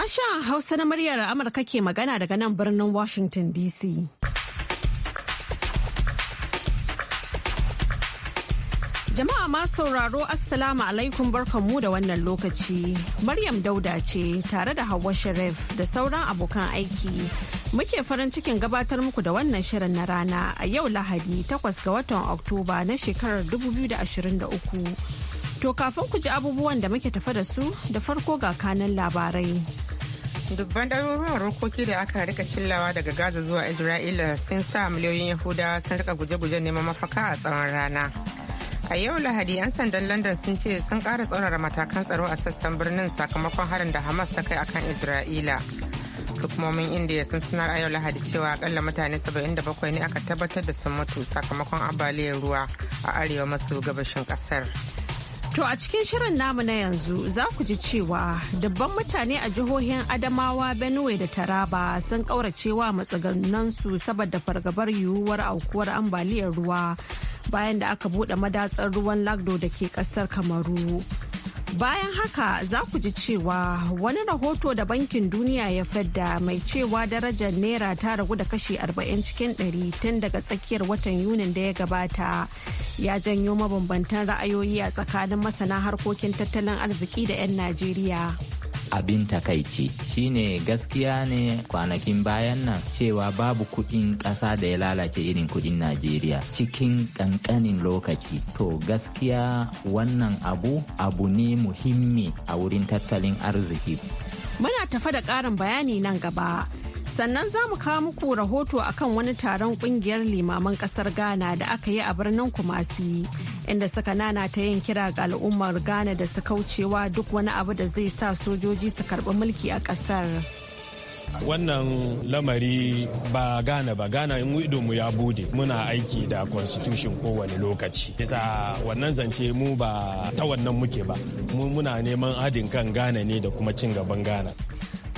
Sashen Hausa na muryar Amurka ke magana daga nan birnin Washington DC. Jama'a ma sauraro Assalamu alaikum barkanmu da wannan lokaci. Maryam Dauda ce tare da Hauwa Sharif da sauran abokan aiki. Muke farin cikin gabatar muku da wannan shirin na rana a yau Lahadi 8 ga watan Oktoba na shekarar 2023. To kafin ku ji abubuwan da muke tafa da su da farko ga kanan labarai. Dubban ɗaruruwan rokoki da aka rika cillawa daga Gaza zuwa Isra'ila sun sa miliyoyin Yahudawa sun rika guje-guje neman mafaka a tsawon rana. A yau Lahadi 'yan sandan London sun ce sun ƙara tsaurara matakan tsaro a sassan birnin sakamakon harin da Hamas ta kai akan Isra'ila. Hukumomin Indiya sun sanar a yau Lahadi cewa akalla mutane saba'in da bakwai ne aka tabbatar da sun mutu sakamakon ambaliyar ruwa a arewa maso gabashin ƙasar. To a cikin shirin namu na yanzu za ku ji cewa dabban mutane a jihohin Adamawa, Benue da Taraba sun kauracewa su saboda fargabar yiwuwar aukuwar ambaliyar ruwa bayan da aka buɗe madatsar ruwan Lagdo da ke ƙasar Kamaru. Bayan haka za ku ji cewa wani rahoto da Bankin Duniya ya fadda mai cewa darajar Naira ta ragu da kashi 40 cikin 100 tun daga tsakiyar watan Yunin da ya gabata ya janyo mabambantan ra'ayoyi a tsakanin masana harkokin tattalin arziki da 'yan Najeriya. abin takaici shine gaskiya ne kwanakin bayan nan cewa babu kuɗin ƙasa da ya lalace irin kuɗin najeriya cikin ƙanƙanin lokaci to gaskiya wannan abu abu ne muhimmi a wurin tattalin arziki muna tafa da ƙarin bayani nan gaba sannan za mu kawo muku rahoto akan wani taron kungiyar limaman ƙasar ghana da aka yi a birnin kumasi inda suka ta yin kira ga al'ummar ghana da su kaucewa duk wani abu da zai sa sojoji su karɓi mulki a kasar. wannan lamari ba gane ba gane in idonmu ya bude muna aiki da constitution kowane lokaci bisa wannan zance mu ba ta wannan muke ba mu muna neman hadin kan gane ne da kuma cin gaban gane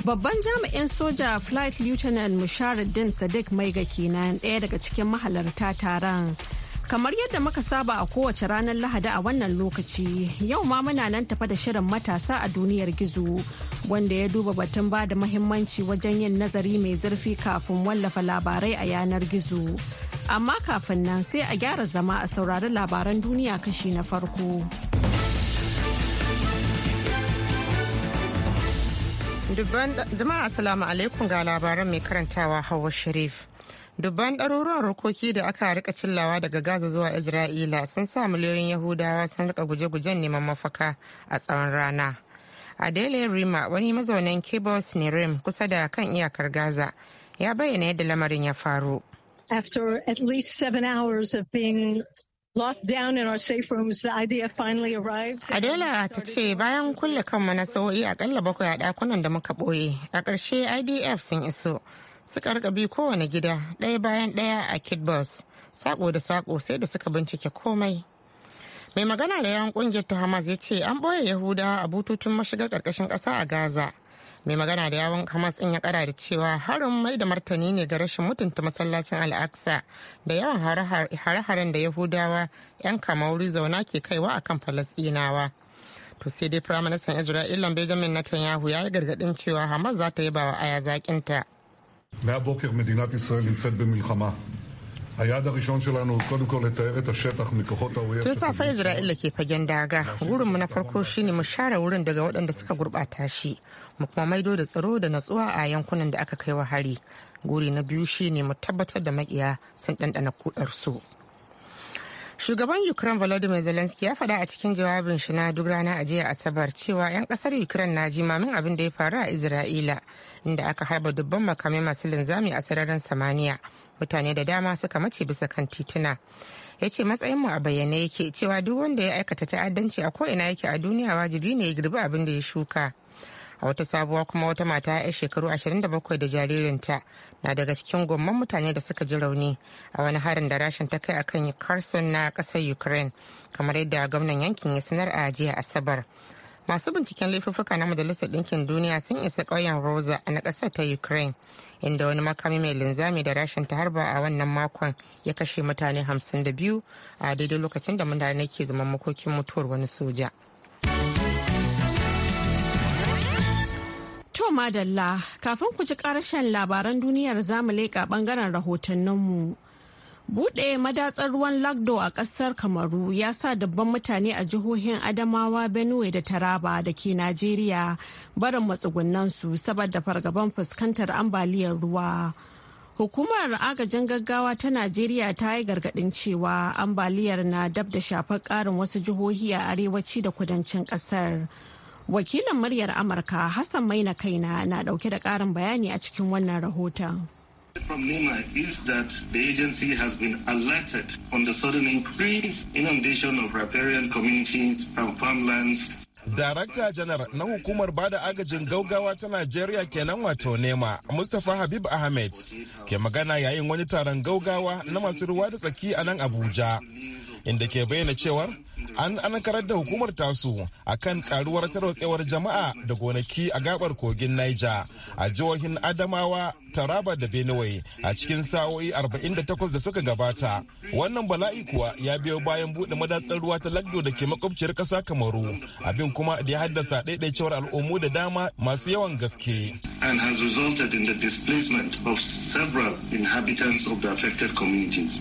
babban jami'in soja flight lieutenant musharuddin sadiq ga kenan daya daga cikin mahalarta taron Kamar yadda muka saba a kowace ranar Lahadi a wannan lokaci, yau ma muna nan tafa da shirin matasa a duniyar gizo, wanda ya duba batun ba da mahimmanci wajen yin nazari mai zurfi kafin wallafa labarai a yanar gizo. Amma kafin nan sai a gyara zama a saurari labaran duniya kashi na farko. Jama'a Assalamu alaikum ga labaran mai karantawa Hawa Sharif. dubban ɗaruruwan rokoki da aka rika cillawa daga gaza zuwa isra'ila sun sa miliyoyin yahudawa sun rika guje-gujen neman mafaka a tsawon rana adele rima wani mazaunin kibos nerim kusa da kan iyakar gaza ya bayyana yadda lamarin ya faru After at least seven hours of being locked down in our safe rooms, the ta ce bayan kulle kanmu na sa'o'i akalla bakwai a dakunan da muka ɓoye, a ƙarshe IDF sun iso. suka rika bi kowane gida ɗaya bayan ɗaya a kidbus sako da sako sai da suka bincike komai mai magana da yawan kungiyar ta hamas ya ce an ɓoye yahuda a bututun mashigar ƙarƙashin ƙasa a gaza mai magana da yawan hamas in ya kara da cewa harin mai da martani ne ga rashin mutunta masallacin al'aqsa da yawan hare-haren da yahudawa 'yan kamauri zauna ke kaiwa akan falasɗinawa to sai dai firaministan isra'ila benjamin netanyahu ya yi gargadin cewa hamas za ta yi bawa aya zakinta מהבוקר מדינת ישראל נמצאת במלחמה. tun safe isra'ila ke fagen daga wurinmu na farko shine mu share wurin daga waɗanda suka gurɓata shi mu kuma maido da tsaro da natsuwa a yankunan da aka kai wa hari guri na biyu shine mu tabbatar da makiya sun ɗanɗana kudar su. Shugaban Ukraine Volodymyr Zelensky ya faɗa a cikin jawabin shi na duk rana a jiya Asabar cewa 'yan ƙasar Ukraine na jimamin abin da ya faru a Isra'ila inda aka harba dubban makamai masu linzami a sararin samaniya. Mutane da dama suka mace bisa kan tituna. Ya ce mu a bayyane yake cewa duk wanda ya aikata ta'addanci a ko'ina yake a duniya wajibi ne ya girbi abin da ya shuka. a wata sabuwa kuma wata mata ya shekaru 27 da jaririnta na daga cikin gomman mutane da suka ji rauni a wani harin da rashin ta kai akan carson na kasar ukraine kamar yadda gwamnan yankin ya sanar a jiya asabar masu binciken laifuffuka na majalisar ɗinkin duniya sun isa ƙauyen rosa na ƙasar ta ukraine inda wani makami mai linzami da rashin ta harba a wannan makon ya kashe mutane 52 a daidai lokacin da mutane ke zaman makokin mutuwar wani soja. madalla kafin ku ji karshen labaran duniyar zamu leƙa ɓangaren rahotanninmu. Buɗe madatsar ruwan Lagdo a ƙasar Kamaru ya sa dabban mutane a jihohin Adamawa, Benue da Taraba da ke Najeriya barin su saboda fargaban fuskantar ambaliyar ruwa. Hukumar agajin gaggawa ta Najeriya ta yi gargaɗin cewa ambaliyar na dab da shafar ƙarin wasu jihohi a arewaci da kudancin ƙasar. Wakilin muryar Amurka Hassan Maina Kaina na dauke da karin bayani a cikin wannan rahoton. that the agency has on the Darakta janar na hukumar bada agajin gaugawa ta Najeriya kenan wato nema Mustapha Habib Ahmed ke magana yayin wani taron gaugawa na masu ruwa da tsaki a nan Abuja. inda ke bayyana cewar an ankarar da hukumar tasu akan karuwar tarwatsewar jama'a da gonaki a gabar kogin Niger a jihohin Adamawa, Taraba da Benue a cikin sa'o'i 48 da suka gabata. Wannan bala'i kuwa ya biyo bayan buɗe madatsar ruwa ta Lagdo da ke makwabciyar ƙasa Kamaru, abin kuma da ya haddasa ɗaiɗaicewar al'ummu da dama masu yawan gaske. And has resulted in the displacement of several inhabitants of the affected communities.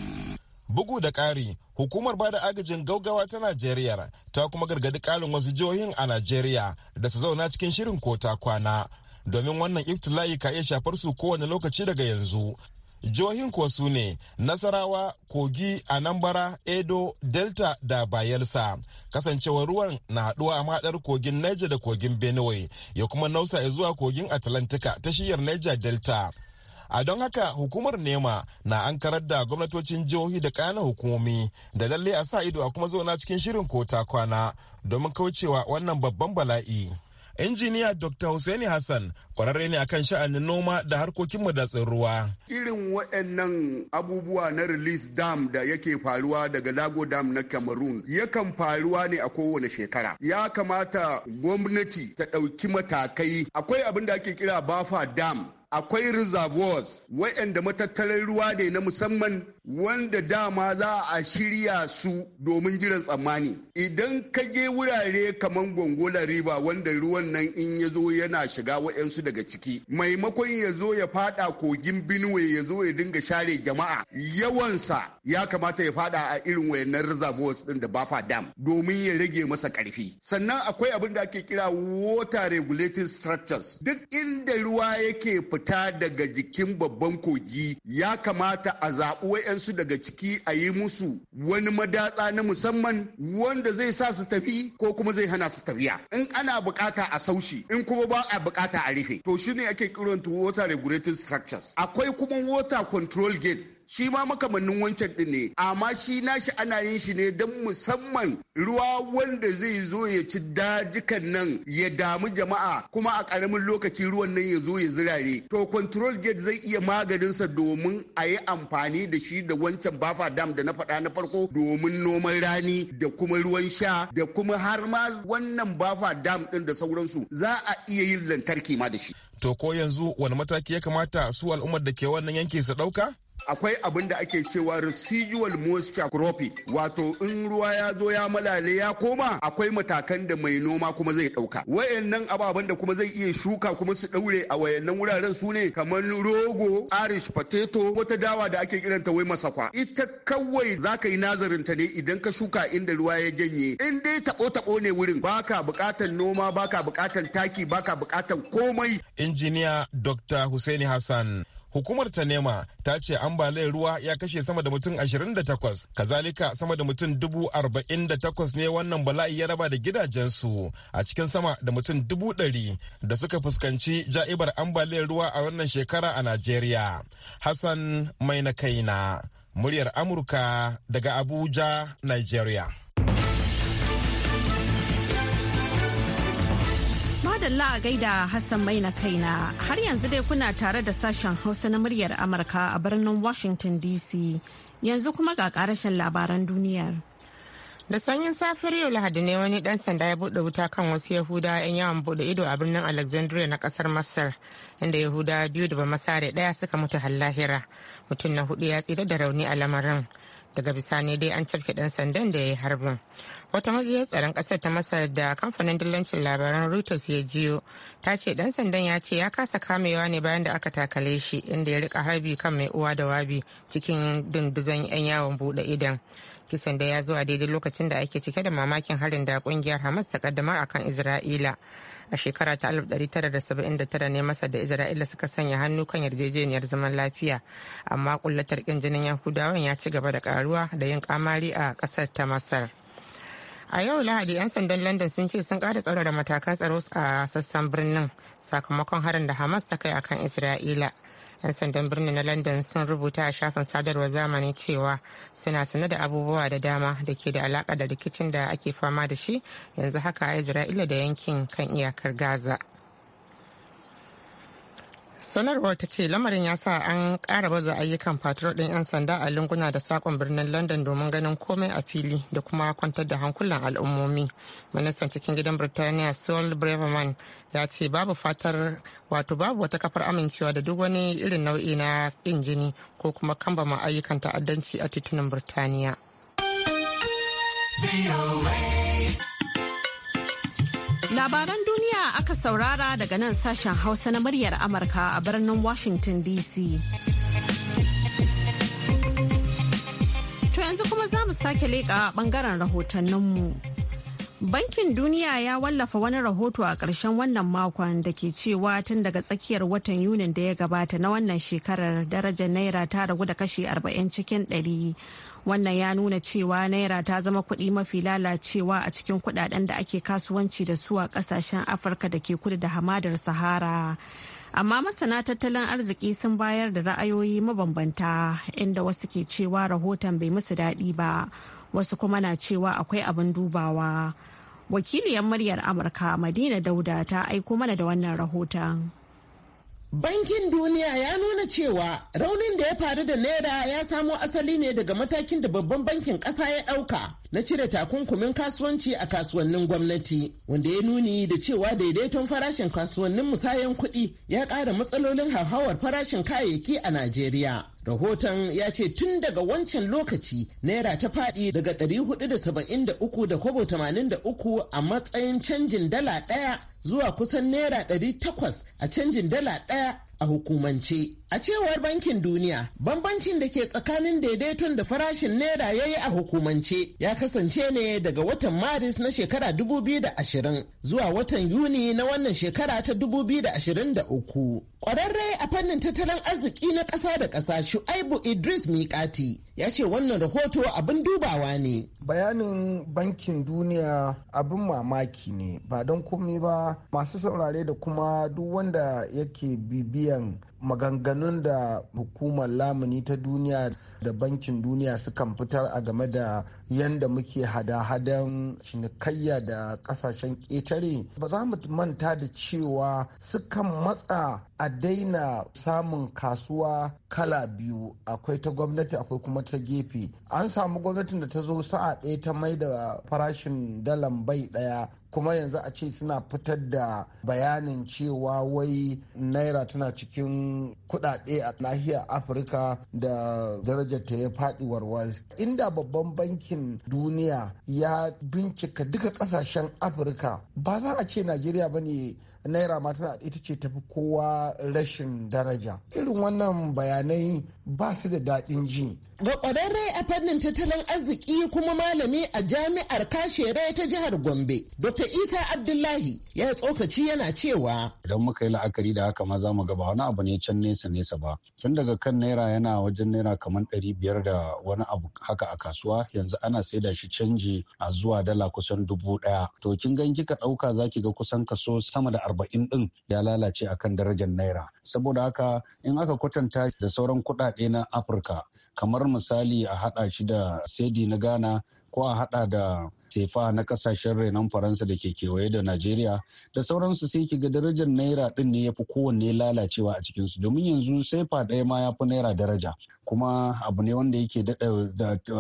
Bugu da ƙari, hukumar bada agajin gaugawa ta najeriya ta kuma gargadi kalin wasu jihohin a najeriya da su zauna cikin shirin ko ta kwana domin wannan iftila'i ka iya shafar su kowane lokaci daga yanzu jihohin kuwa su ne nasarawa kogi anambara edo delta da bayelsa kasancewar ruwan na haɗuwa a maɗar kogin niger da kogin benue ya kuma nausa zuwa kogin atlantika ta shiyar niger delta a don haka hukumar nema na an karar da gwamnatocin jihohi da ƙananan hukumomi da lalle a sa ido a kuma zauna cikin shirin ko ta kwana domin kaucewa wannan babban bala'i injiniya dr Hussaini hassan kwararre ne akan sha'anin noma da harkokin madatsin ruwa irin waɗannan abubuwa na release dam da yake faruwa daga lago dam na cameroon yakan faruwa ne a kowane shekara ya kamata gwamnati ta ɗauki matakai akwai abin da ake kira bafa dam akwai reservoirs waɗanda matattarar ruwa ne na musamman wanda dama za a shirya su domin jiran tsammani idan ka je wurare kamar gongola riba wanda ruwan nan in ya zo yana shiga wa'yansu daga ciki maimakon ya zo ya fada kogin binuwe ya zo ya dinga share jama'a yawansa ya kamata ya fada a irin wayannan reservoirs din da bafa dam domin ya rage masa karfi sannan akwai abin da ake kira water regulating structures duk inda ruwa yake fita daga jikin babban kogi ya kamata a zaɓi wasu daga ciki a yi musu wani madatsa na musamman wanda zai sa su tafi ko kuma zai hana su tafiya in ana bukata a saushi in kuma ba a bukata a rufe to shine ake kiranta water regulating structures akwai kuma water control gate shi ma makamannin wancan din ne amma shi nashi ana yin shi ne don musamman ruwa wanda zai zo ya ci dajikan nan ya damu jama'a kuma a karamin lokaci ruwan nan ya zo ya zirare to control gate zai iya maganinsa domin a yi amfani da shi da wancan bafa dam da na faɗa na farko domin noman rani da kuma ruwan sha da kuma har ma wannan bafa dam din da sauransu za a iya yin lantarki ma da shi to ko yanzu wani mataki ya kamata su al'ummar da ke wannan yanki su ɗauka akwai abin da ake cewa residual moisture cropping wato in ruwa ya zo ya malale ya koma akwai matakan da mai noma kuma zai ɗauka wayannan ababen da kuma zai iya shuka kuma su ɗaure a wayannan wuraren su ne kamar rogo irish potato wata dawa da ake kiranta wai masakwa ita kawai za ka yi nazarin ta ne idan ka shuka inda ruwa ya janye in dai tabo tabo ne wurin baka bukatan noma baka bukatan taki baka bukatan komai injiniya dr Hussaini hassan Hukumar ta nema ta ce ambaliyar ruwa ya kashe sama da mutum 28, kazalika sama da mutum 48 ne wannan bala'i ya raba da gidajensu a cikin sama da mutum 100 da suka fuskanci ja'ibar ambaliyar ruwa a wannan shekara a Najeriya. Hassan Mai na kaina, muryar Amurka daga Abuja, Nigeria. madalla a gaida Hassan mai na kaina har yanzu dai kuna tare da sashen Hausa na muryar Amurka a birnin Washington DC yanzu kuma ga karashen labaran duniyar. Da sanyin safiyar yau Lahadi ne wani dan sanda ya buɗe wuta kan wasu Yahuda 'yan yawan buɗe ido a birnin Alexandria na kasar Masar inda Yahuda biyu da masare daya suka mutu hallahira mutum na hudu ya tsira da rauni a lamarin daga bisani dai an cafke dan sandan da ya yi harbin. wata majiyar tsaron kasar ta masar da kamfanin dillancin labaran reuters ya jiyo ta ce dan sandan ya ce ya kasa kamewa ne bayan da aka takale shi inda ya rika harbi kan mai uwa da wabi cikin dindizan 'yan yawon bude idan kisan da ya zo a daidai lokacin da ake cike da mamakin harin da kungiyar hamas ta kaddamar akan isra'ila a shekara ta 1979 ne masa da isra'ila suka sanya hannu kan yarjejeniyar zaman lafiya amma kullatar kin jinin yahudawan ya ci gaba da karuwa da yin kamari a kasar ta masar a yau lahadi 'yan sandan london sun ce sun kara tsaro da matakan tsaro a sassan birnin sakamakon harin da hamas ta kai akan isra'ila 'yan sandan birnin na london sun rubuta a shafin sadarwar zamani cewa suna sane da abubuwa da dama da ke da alaka da rikicin da ake fama da shi yanzu haka a isra'ila da yankin kan iyakar gaza sanarwar ta ce lamarin ya sa an kara baza ayyukan fatur din 'yan sanda a lunguna da sakon birnin london domin ganin komai a fili da kuma kwantar da hankulan al'ummomi ministan cikin gidan birtaniya sol breverman ya ce babu fatar wato babu wata kafar amincewa da duk wani irin nau'i na ƙin jini ko kuma kambama ayyukan ta'addanci a titunan birtaniya Labaran duniya aka saurara daga nan sashen Hausa na muryar Amurka a birnin Washington DC. To yanzu kuma za mu sake leƙa ɓangaren rahotanninmu. Bankin Duniya ya wallafa wani rahoto a ƙarshen wannan makon da ke cewa tun daga tsakiyar watan Yunin da ya gabata na wannan shekarar darajar Naira ta ragu da kashi 40 cikin 100. Wannan ya nuna cewa Naira ta zama kuɗi mafi lalacewa a cikin kuɗaɗen da ake kasuwanci da su a ƙasashen Afirka da ke kudu da hamadar Sahara. amma masana tattalin arziki sun bayar da ra'ayoyi mabambanta inda wasu ke cewa rahoton bai musu daɗi ba wasu kuma na cewa akwai abin dubawa wakiliyar muryar amurka madina dauda ta aiko mana da wannan rahoton Bankin Duniya ya nuna cewa raunin da ya faru da Naira ya samo asali ne daga matakin da babban bankin ƙasa ya ɗauka na cire takunkumin kasuwanci a kasuwannin gwamnati wanda ya nuni da cewa daidaiton farashin kasuwannin musayan kuɗi ya ƙara matsalolin hauhawar farashin kayayyaki a Najeriya. Rahoton ya ce tun daga wancan lokaci naira ta faɗi daga 473 da kobo 83 a matsayin canjin dala ɗaya zuwa kusan naira 800 a canjin dala ɗaya a hukumance. A cewar Bankin Duniya, bambancin da ke tsakanin daidaiton da farashin Naira ya yi a hukumance ya kasance ne daga watan Maris na shekara 2020 zuwa watan Yuni na wannan shekara ta 2023. Ƙwararre a fannin tattalin arziki na ƙasa da ƙasa Shu'aibu Idris Mikati ya ce wannan rahoto abin dubawa ne. Bayanin Bankin Duniya abin mamaki ne ba don komai ba masu saurare da kuma duk wanda yake bibiya bibiyan maganganun da hukumar lamuni ta duniya da bankin duniya sukan fitar a game da yadda muke hada-hadan cinikayya da kasashen ƙetare ba za mu manta da cewa sukan matsa a daina samun kasuwa kala biyu akwai ta gwamnati akwai kuma ta gefe an samu gwamnatin da ta zo sa'a ɗaya ta mai da farashin dalan bai ɗaya kuma yanzu a ce suna fitar da bayanin cewa wai naira tana cikin kudade a nahiyar afirka da ta ya faɗi warwas inda babban bankin duniya ya bincika duka ƙasashen afirka ba za a ce najeriya ba ne naira ma tana ita ce tafi kowa rashin daraja irin wannan bayanai ba su da daɗin ji. Ga ƙwararre a fannin tattalin arziki kuma malami a jami'ar kashere ta jihar Gombe, Dr. Isa Abdullahi ya tsokaci yana cewa. Idan muka yi la'akari da haka ma za mu gaba wani abu ne can nesa nesa ba. Tun daga kan naira yana wajen naira kamar ɗari biyar da wani abu haka a kasuwa yanzu ana saida shi canji a zuwa dala kusan dubu ɗaya. To kin gan kika ɗauka za ki ga kusan kaso sama da arba'in ɗin ya lalace akan darajar naira. Saboda haka in aka kwatanta da sauran kuɗaɗe zaɓe na afirka kamar misali a haɗa shi da sedi na ghana ko a haɗa da sefa na kasashen renon faransa da ke kewaye da najeriya da sauransu sai ki ga darajar naira din ne ya fi kowanne lalacewa a cikinsu domin yanzu sefa ɗaya ma ya fi naira daraja kuma abu ne wanda yake da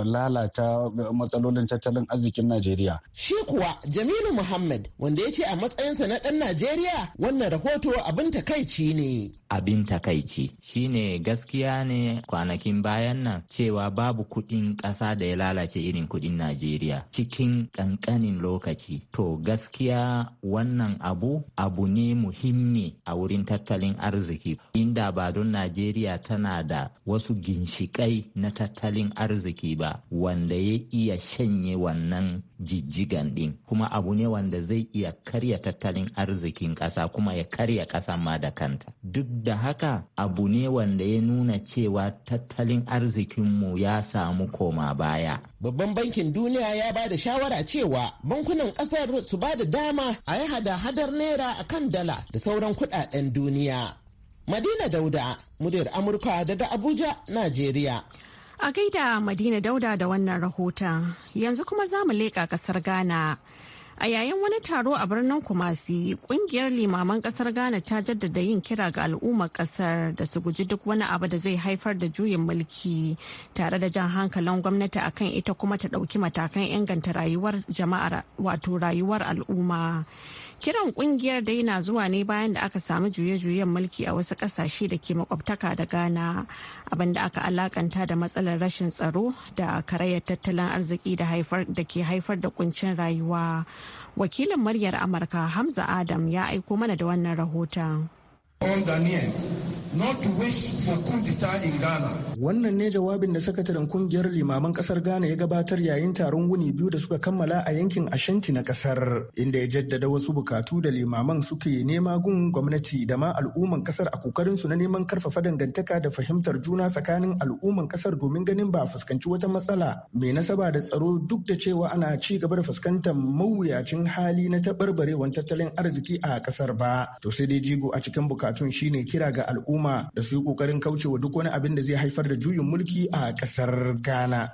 lalata matsalolin tattalin arzikin najeriya shi kuwa jamilu muhammad wanda ya ce a matsayinsa na ɗan najeriya wannan rahoto abin takaici ne abin takaici shine gaskiya ne kwanakin bayan nan cewa babu kuɗin ƙasa da ya lalace irin kuɗin najeriya cikin ƙanƙanin lokaci. To gaskiya wannan abu abu ne muhimmi a wurin tattalin arziki. Inda ba don Najeriya tana da wasu ginshiƙai na tattalin arziki ba wanda ya iya shanye wannan jijjigan ɗin. Kuma abu ne wanda zai iya karya tattalin arzikin ƙasa kuma ya karya ƙasa ma da kanta. Duk da haka abu ne wanda ya nuna cewa tattalin arzikinmu ya samu koma baya. Babban bankin duniya ya ba da shawara cewa bankunan kasar su ba da dama a yi hada-hadar naira a kan dala da sauran kudaden duniya. Madina Dauda, muryar Amurka daga Abuja, Najeriya. A gaida Madina Dauda da wannan rahoton, yanzu kuma za mu leƙa ƙasar Ghana. A yayin wani taro a birnin Kumasi, kungiyar limaman kasar Ghana ta jaddada yin kira ga al'ummar kasar da su guji duk wani abu da zai haifar da juyin mulki tare da jan hankalin gwamnati akan ita kuma ta dauki matakan inganta rayuwar jama'ar wato rayuwar al'umma. Kiran kungiyar dai na zuwa ne bayan da aka samu juye-juyen mulki a wasu kasashe da ke makwabtaka da Ghana, abin da aka alakanta da matsalar rashin tsaro da karayar tattalin arziki da ke haifar da kuncin rayuwa. Wakilin muryar Amurka Hamza Adam ya aiko mana da wannan rahoton. not wish for d'etat in Ghana. Wannan ne jawabin da sakataren kungiyar limaman kasar Ghana ya gabatar yayin taron wuni biyu da suka kammala a yankin Ashanti na kasar, inda ya jaddada wasu bukatu da limaman suke nema gun gwamnati da ma al'umman kasar a kokarin su na neman karfafa dangantaka da fahimtar juna tsakanin al'umman kasar domin ganin ba fuskanci wata matsala mai nasaba da tsaro duk da cewa ana ci gaba da fuskantar mawuyacin hali na taɓarbarewan tattalin arziki a kasar ba. To sai dai jigo a cikin bukatun shine kira ga al'umma al'umma da su yi kokarin kaucewa duk wani abin da zai haifar da juyin mulki a ƙasar Ghana.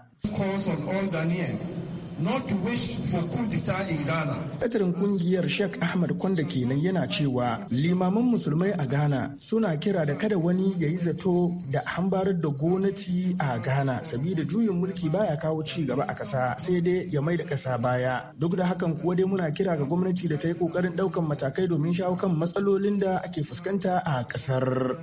not wish for in Ghana. kungiyar Sheikh Ahmad Kwanda kenan yana cewa limaman musulmai a Ghana suna kira da kada wani ya yi zato da hambarar da gwamnati a Ghana sabida juyin mulki baya kawo ci gaba a kasa sai dai ya mai da ƙasa baya. Duk da hakan kuwa dai muna kira ga gwamnati da ta yi ƙoƙarin daukan matakai domin shawo kan matsalolin da ake fuskanta a kasar.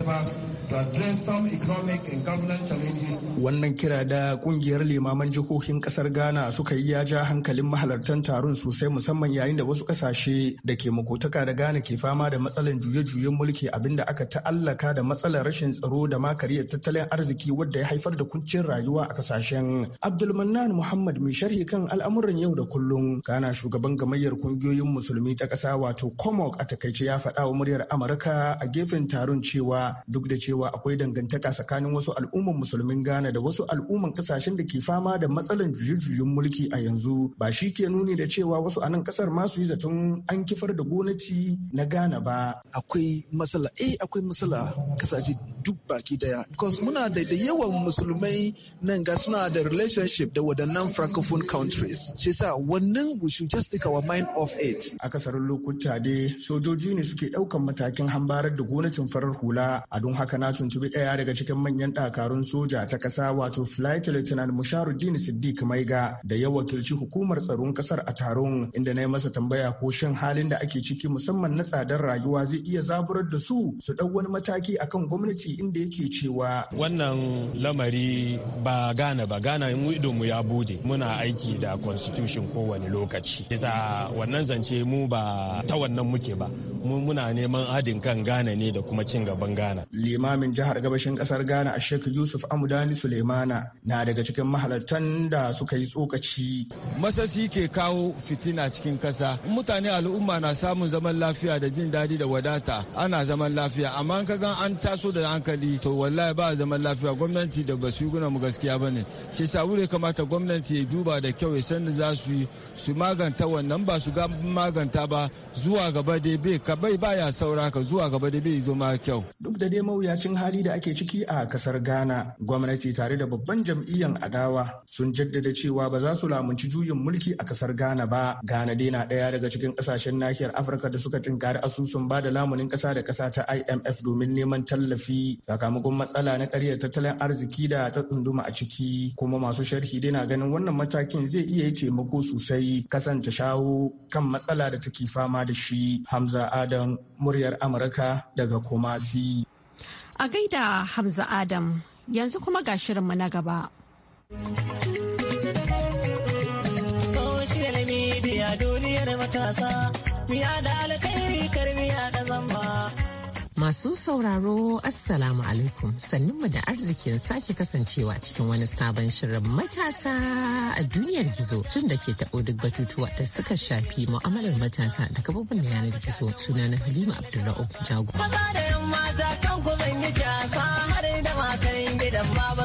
Wannan kira da kungiyar limaman jihohin ƙasar Ghana suka yi ja hankalin mahalartan taron sosai musamman yayin da wasu kasashe da ke makotaka da Ghana ke fama da matsalar juye-juyen mulki abinda aka ta'allaka da matsalar rashin tsaro da ma da tattalin arziki wadda ya haifar da kuncin rayuwa a kasashen. Abdulmannan Muhammad mai sharhi kan al'amuran yau da kullum Ghana shugaban gamayyar kungiyoyin musulmi ta kasa wato COMOC a takaice ya faɗa wa muryar Amurka a gefen taron cewa duk da cewa akwai dangantaka tsakanin wasu al'umman musulmin Ghana da wasu al'umman kasashen da ke fama da matsalar juye-juyen mulki a yanzu. yanzu ba shi ke nuni da cewa wasu a nan kasar ma su yi zaton an kifar da gwamnati na Ghana ba. Akwai matsala, eh akwai matsala kasashe duk baki daya. Because muna da da yawan musulmai nan ga suna da relationship da wadannan francophone countries. Shi sa wannan we should just take our mind off it. A kasar lokuta dai sojoji ne suke ɗaukan matakin hambarar da gwamnatin farar hula a don haka na tuntubi ɗaya daga cikin manyan ɗakarun soja ta ƙasa wato Flight Lieutenant Musharuddin Siddiq Maiga da ya wakil wakilci hukumar tsaron kasar a taron inda na yi masa tambaya ko shan halin da ake ciki musamman na tsadar rayuwa zai iya zaburar da su su ɗau wani mataki akan gwamnati inda yake cewa wannan lamari ba gana ba gana mu ido mu ya bude muna aiki da constitution kowane lokaci bisa wannan zance mu ba ta wannan muke ba mu muna neman adin kan gana ne da kuma cin gaban gana limamin jihar gabashin kasar ghana a shek yusuf amudani suleimana na daga cikin mahalartan da suka yi tsokaci masasi ke kawo fitina cikin kasa mutane al'umma na samun zaman lafiya da jin daɗi da wadata ana zaman lafiya amma ka gan an taso da hankali to wallahi ba zaman lafiya gwamnati da ba su guna mu gaskiya bane shi sabu ne kamata gwamnati ya duba da kyau ya san da za su yi su maganta wannan ba su ga maganta ba zuwa gaba dai bai ka bai baya saura ka zuwa gaba dai bai zo ma kyau duk da dai mawuyacin hali da ake ciki a kasar Ghana gwamnati tare da babban jam'iyyar adawa sun jaddada cewa ba za su lamunci ci juyin mulki a kasar Ghana ba. Ghana dai na ɗaya daga cikin ƙasashen nahiyar Afirka da suka tinkari asusun ba da lamunin ƙasa da ƙasa ta IMF domin neman tallafi sakamakon matsala na ƙaryar tattalin arziki da ta tsunduma a ciki kuma masu sharhi dai na ganin wannan matakin zai iya yi taimako sosai kasance shawo kan matsala da take fama da shi Hamza Adam muryar Amurka daga Kumasi. A gaida Hamza Adam yanzu kuma ga shirinmu na gaba. matasa, miya da alkhairi karmiya da zamba. Masu sauraro Assalamu alaikum sannunmu da arzikin sake kasancewa cikin wani sabon shirin matasa a duniyar gizo tun da ke taɓo duk batutuwa da suka shafi mu'amalar matasa da kababin da yanar gizo suna na Halima Abdullahi Jago. Maza da baba.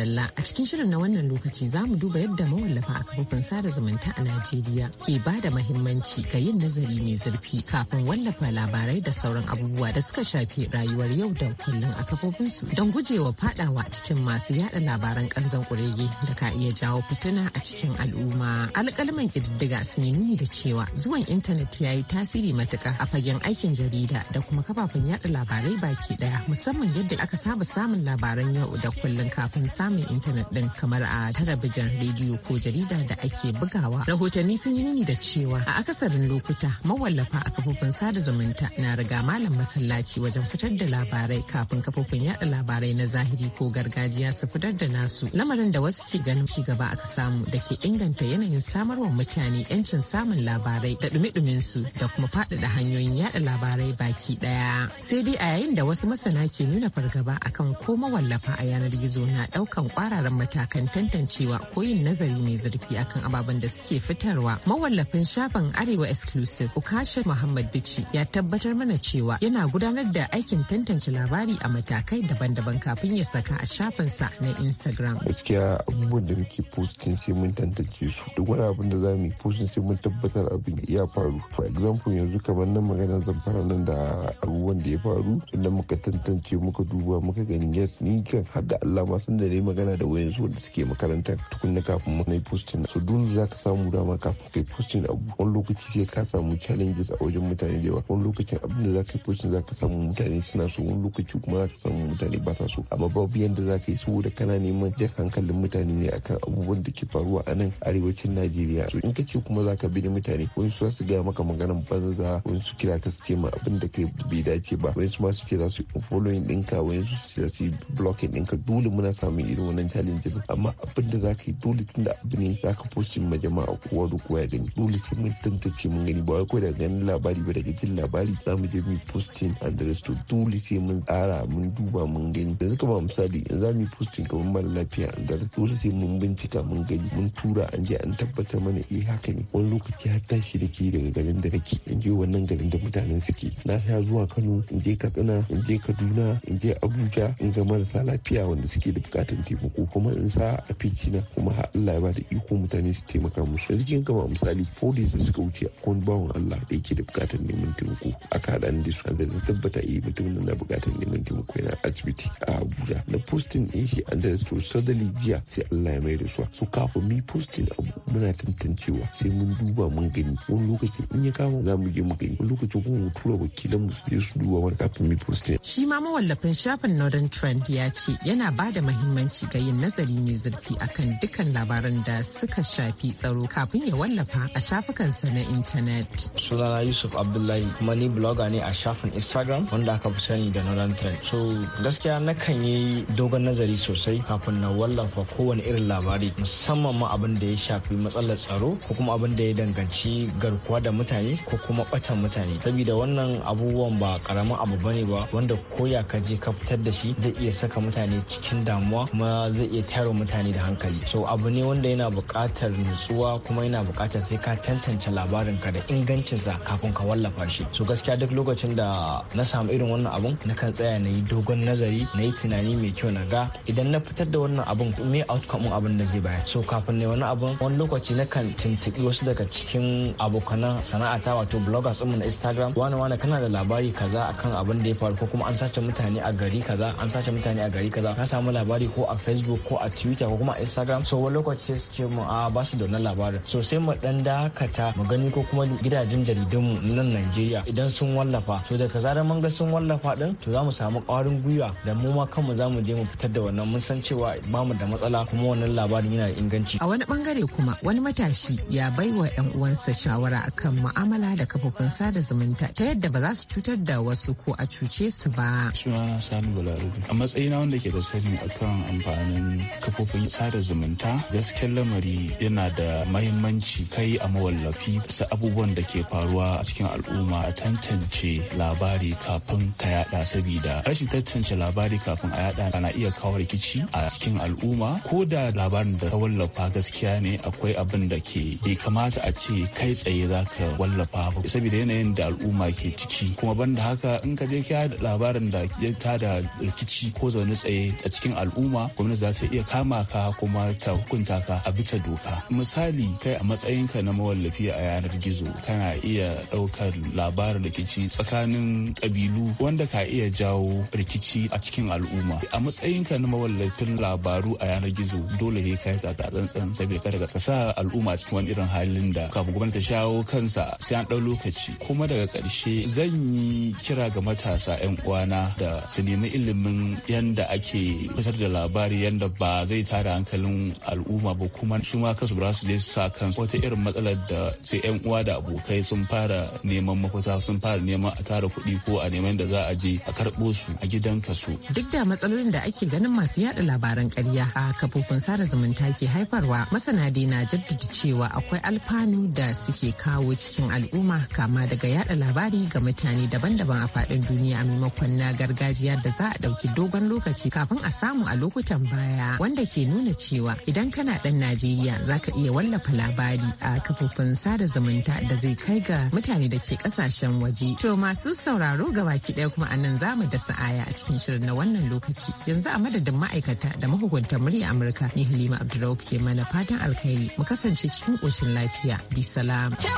dalla a cikin shirin na wannan lokaci za mu duba yadda mawallafa a kafofin sada zumunta a Najeriya ke ba da mahimmanci ga yin nazari mai zurfi kafin wallafa labarai da sauran abubuwa da suka shafi rayuwar yau da kullum a kafofinsu don gujewa fadawa cikin masu yada labaran kanzan kurege da ka iya jawo fituna a cikin al'umma. Alƙalman ƙididdiga sun yi nuni da cewa zuwan intanet ya yi tasiri matuka a fagen aikin jarida da kuma kafafen yada labarai baki ɗaya musamman yadda aka saba samun labaran yau da kullum kafin samun samun intanet ɗin kamar a talabijin rediyo ko jarida da ake bugawa rahotanni sun yi nuni da cewa a akasarin lokuta mawallafa a kafofin sada zumunta na riga malam masallaci wajen fitar da labarai kafin kafofin yada labarai na zahiri ko gargajiya su fitar da nasu lamarin da wasu ke ganin ci gaba aka samu da ke inganta yanayin samarwa mutane yancin samun labarai da dumi dumin su da kuma faɗaɗa hanyoyin yada labarai baki ɗaya sai dai a yayin da wasu masana ke nuna fargaba akan ko mawallafa a yanar gizo na ɗaukar kan kwararan matakan tantancewa ko yin nazari mai zurfi akan ababen da suke fitarwa. Mawallafin shafin Arewa Exclusive Ukasha Muhammad Bichi ya tabbatar mana cewa yana gudanar da aikin tantance labari a matakai daban-daban kafin ya saka a shafinsa na Instagram. Gaskiya abubuwan da muke postin sai mun tantance su. Duk wani abin da za mu yi postin sai mun tabbatar abin ya faru. For example yanzu kamar nan maganar zamfara nan da abubuwan da ya faru. Sannan muka tantance muka duba muka gani yes ni kan har Allah masu da ne magana da wayan su da suke makaranta tukunna kafin mu yi posting su dole za ka samu dama kafin kai posting abu wani lokaci sai ka samu challenges a wajen mutane da yawa wani lokacin abin da za ka yi posting za ka samu mutane suna so wani lokaci kuma za ka samu mutane ba sa so amma babu yadda za ka yi saboda kana neman jan hankalin mutane ne akan abubuwan da ke faruwa a nan arewacin najeriya so in ka ce kuma za ka bi da mutane wani su su gaya maka maganan banza wani su kira ka su ce ma abin da kai bai dace ba wani su ma su ce za su following ɗinka wani su ce za su yi blocking ɗinka dole muna samun irin wannan challenge amma abin da za yi dole tun da abu ne za ka postin ma jama'a kowa da kowa ya gani dole sai mun tantance mun gani ba wai kawai daga ganin labari ba daga jin labari za mu je mu postin and the rest dole sai mun tsara mun duba mun gani yanzu kama misali in za mu yi postin kamar mara lafiya an gara dole sai mun bincika mun gani mun tura an je an tabbatar mana eh haka ne wani lokaci har tashi da ke daga garin da kake in je wannan garin da mutanen suke na sha zuwa kano in je katsina in je kaduna in je abuja in ga marasa lafiya wanda suke da bukatar minti kuma in sa a fice na kuma har Allah ya bada iko mutane su taimaka musu yanzu kin kama misali folis da suka wuce akwai bawan Allah da yake da bukatar neman taimako aka a ni da su an tabbata eh mutumin na bukatar neman taimako yana asibiti a Abuja na posting din shi an da su sadali jiya sai Allah ya mai da su su kafin mi posting abu muna tantancewa sai mun duba mun gani wani lokacin in ya kama za mu je mu gani wani lokacin kuma mu tura wakilan mu su duba wani kafin mi posting shi ma mawallafin shafin Northern Trend ya ce yana ba da muhimmanci shugabanci ga yin nazari mai zurfi akan dukkan labaran da suka shafi tsaro kafin ya wallafa a shafukansa na intanet. Sunana Yusuf Abdullahi kuma ni blogger ne a shafin Instagram wanda aka fi sani da Northern Trend. So gaskiya na kan yi dogon nazari sosai kafin na wallafa kowane irin labari musamman ma abin da ya shafi matsalar tsaro ko kuma abin da ya danganci garkuwa da mutane ko kuma batan mutane. Saboda wannan abubuwan ba karamin abu bane ba wanda koya ka je ka fitar da shi zai iya saka mutane cikin damuwa kuma zai iya tayarwa mutane da hankali so abu ne wanda yana buƙatar nutsuwa kuma yana buƙatar sai ka tantance labarin ka da ingancinsa kafin ka wallafa shi so gaskiya duk lokacin da na samu irin wannan abun na kan tsaya na yi dogon nazari na yi tunani mai kyau na ga idan na fitar da wannan abun me outcome abin da zai bayar so kafin ne wani abun wani lokaci na kan tuntuɓi wasu daga cikin abokanan ta wato bloggers ɗinmu na instagram wani wani kana da labari kaza akan abin da ya faru ko kuma an sace mutane a gari kaza an sace mutane a gari kaza ka samu labari ko a facebook ko a twitter ko kuma a instagram so wani lokaci sai suke mu a ah, ba su da wannan labarin so sai mu dan dakata mu gani ko kuma gidajen jaridun mu nan Najeriya idan sun wallafa to daga zarar mun ga sun wallafa din to za mu samu ƙwarin gwiwa da mu ma kanmu za mu je mu fitar da wannan mun san cewa ba mu da matsala kuma wannan labarin yana da inganci a wani bangare kuma wani matashi ya bai wa yan uwansa shawara akan mu'amala da kafofin sada zumunta ta yadda ba za su cutar da wasu ko a cuce su ba sani balarabi a matsayina wanda ke da sani akan amfanin kafofin sada zumunta gaskiyar lamari yana da mahimmanci kai a mawallafi su abubuwan da ke faruwa a cikin al'umma a tantance labari kafin ka yada sabida rashin tantance labari kafin a yada kana iya kawo rikici a cikin al'umma ko da labarin da ka wallafa gaskiya ne akwai abin da ke bai kamata a ce kai tsaye za ka wallafa ba saboda yanayin da al'umma ke ciki kuma banda haka in ka je ka labarin da ya tada rikici ko zaune tsaye a cikin al'umma gwamnati za ta iya kama ka kuma ta hukunta ka a bisa doka misali kai a matsayinka na mawallafi a yanar gizo kana iya ɗaukar labarin rikici tsakanin kabilu wanda ka iya jawo rikici a cikin al'umma a matsayinka na mawallafin labaru a yanar gizo dole ne kai ta tsantsan saboda kada ka sa al'umma cikin wani irin halin da kafin gwamnati ta shawo kansa sai an ɗau lokaci kuma daga karshe zan yi kira ga matasa 'yan uwana da su nemi ilimin yanda ake fitar da labarin labari yadda ba zai tara hankalin al'umma ba kuma su ma kasu ba su je su sa kansu wata irin matsalar da sai yan uwa da abokai sun fara neman mafita sun fara neman a tara kuɗi ko a neman da za a je a karɓo su a gidan kasu. Duk da matsalolin da ake ganin masu yada labaran karya a kafofin sada zumunta ke haifarwa masana dai na jaddada cewa akwai alfanu da suke kawo cikin al'umma kama daga yada labari ga mutane daban-daban a faɗin duniya a maimakon na gargajiya da za a ɗauki dogon lokaci kafin a samu a lokacin rahoton baya wanda ke nuna cewa idan kana dan Najeriya zaka iya wallafa labari a kafofin sada zumunta da zai kai ga mutane da ke kasashen waje. To masu sauraro ga baki ɗaya kuma anan za mu dasa aya a cikin shirin na wannan lokaci. Yanzu a madadin ma'aikata da mahukunta murya Amurka ni Halima Abdulrauf ke mana fatan alkhairi mu kasance cikin ƙoshin lafiya. Bi salam. To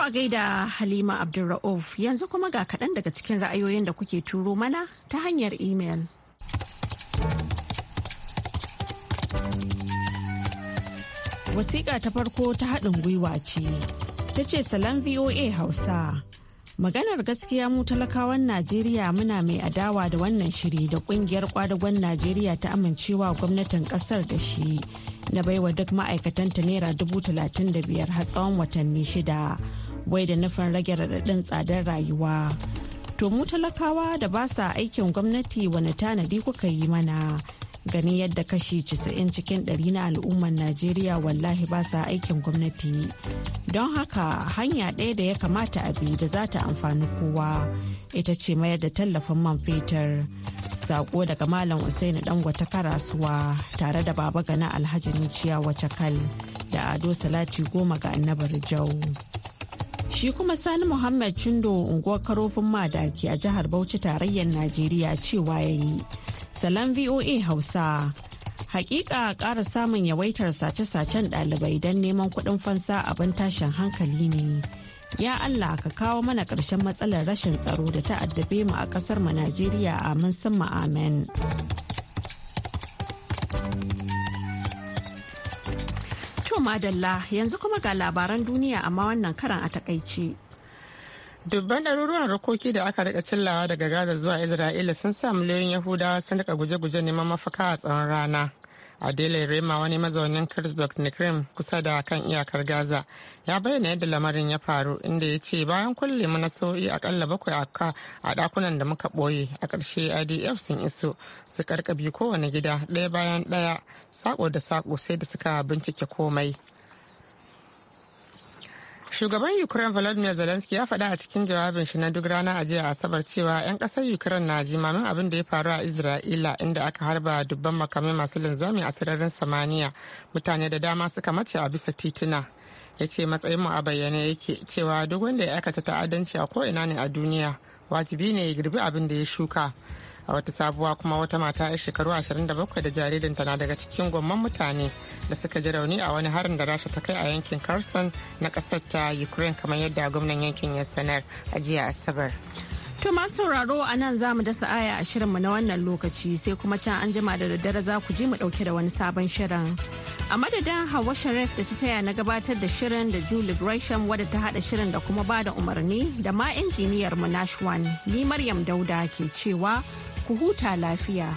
a gaida Halima Abdulra'uf yanzu kuma ga kaɗan daga cikin ra'ayoyin da kuke turo mana ta hanyar email. Wasiƙa ta farko ta haɗin gwiwa ce, ta ce salon VOA Hausa. Maganar gaskiya mu talakawan Najeriya muna mai adawa da wannan shiri da ƙungiyar kwadagon Najeriya ta amincewa gwamnatin ƙasar da shi na baiwa duk ma'aikatanta naira dubu talatin da biyar har tsawon watanni shida. wai da nufin rage raɗaɗin tsadar rayuwa to mu talakawa da ba sa aikin gwamnati wani tanadi kuka yi mana ganin yadda kashi 90 cikin ɗari na al'ummar najeriya wallahi ba sa aikin gwamnati don haka hanya ɗaya da ya kamata a bi da za ta amfani kowa ita ce mayar da tallafin man fetur sako daga malam usaini dangwata karasuwa tare da baba gana alhaji nuciya wacakal da ado salati goma ga annabar jau. Shi kuma Sani Muhammad Chindo unguwar karofin madaki a jihar Bauchi tarayyar Najeriya cewa ya yi. Salam VOA Hausa. Hakika ƙara samun yawaitar sace-sacen ɗalibai don neman kuɗin fansa abin tashin hankali ne. Ya Allah ka kawo mana ƙarshen matsalar rashin tsaro da ta addabe mu a ƙasar mu Najeriya amin sun amen. madalla yanzu kuma ga labaran duniya amma wannan karan a takaice. Dubban ɗaruruwan rokoki da aka rika cillawa daga Gaza zuwa Isra'ila sun sa miliyoyin Yahudawa sun rika guje-guje neman mafaka a tsawon rana. Adele Rema wani mazaunin kirsberg na Krim kusa da kan iyakar Gaza ya bayyana yadda lamarin ya faru inda ya ce bayan kulle mana sau'i akalla bakwai aka a dakunan da muka boye a ƙarshe IDF sun iso su karkabi kowane gida ɗaya bayan ɗaya sako da sako sai da suka bincike komai. Shugaban Ukraine Volodymyr Zelensky ya faɗa a cikin jawabin shi na duk rana a jiya Asabar cewa 'yan ƙasar Ukraine na jimamin abin da ya faru a Isra'ila inda aka harba dubban makamai masu linzami a sararin samaniya mutane da dama suka mace a bisa tituna. Ya ce matsayin mu a bayyane yake cewa duk wanda ya aikata ta'addanci a ko'ina ne a duniya wajibi ne ya girbi abin da ya shuka. a wata sabuwa kuma wata mata ya shekaru 27 da jaririnta na daga cikin gwamman mutane da suka ji rauni a wani harin da rasha ta kai a yankin carson na kasar ta ukraine kamar yadda gwamnan yankin ya sanar a jiya asabar To masu sauraro a nan za mu dasa aya a shirinmu na wannan lokaci sai kuma can an jima da daddare za ku ji mu dauke da wani sabon shirin. A madadin Hawa Sharif da ta taya na gabatar da shirin da Julie Gresham wadda ta hada shirin da kuma bada umarni da ma injiniyar mu Nashwan ni Maryam Dauda ke cewa ku huta lafiya.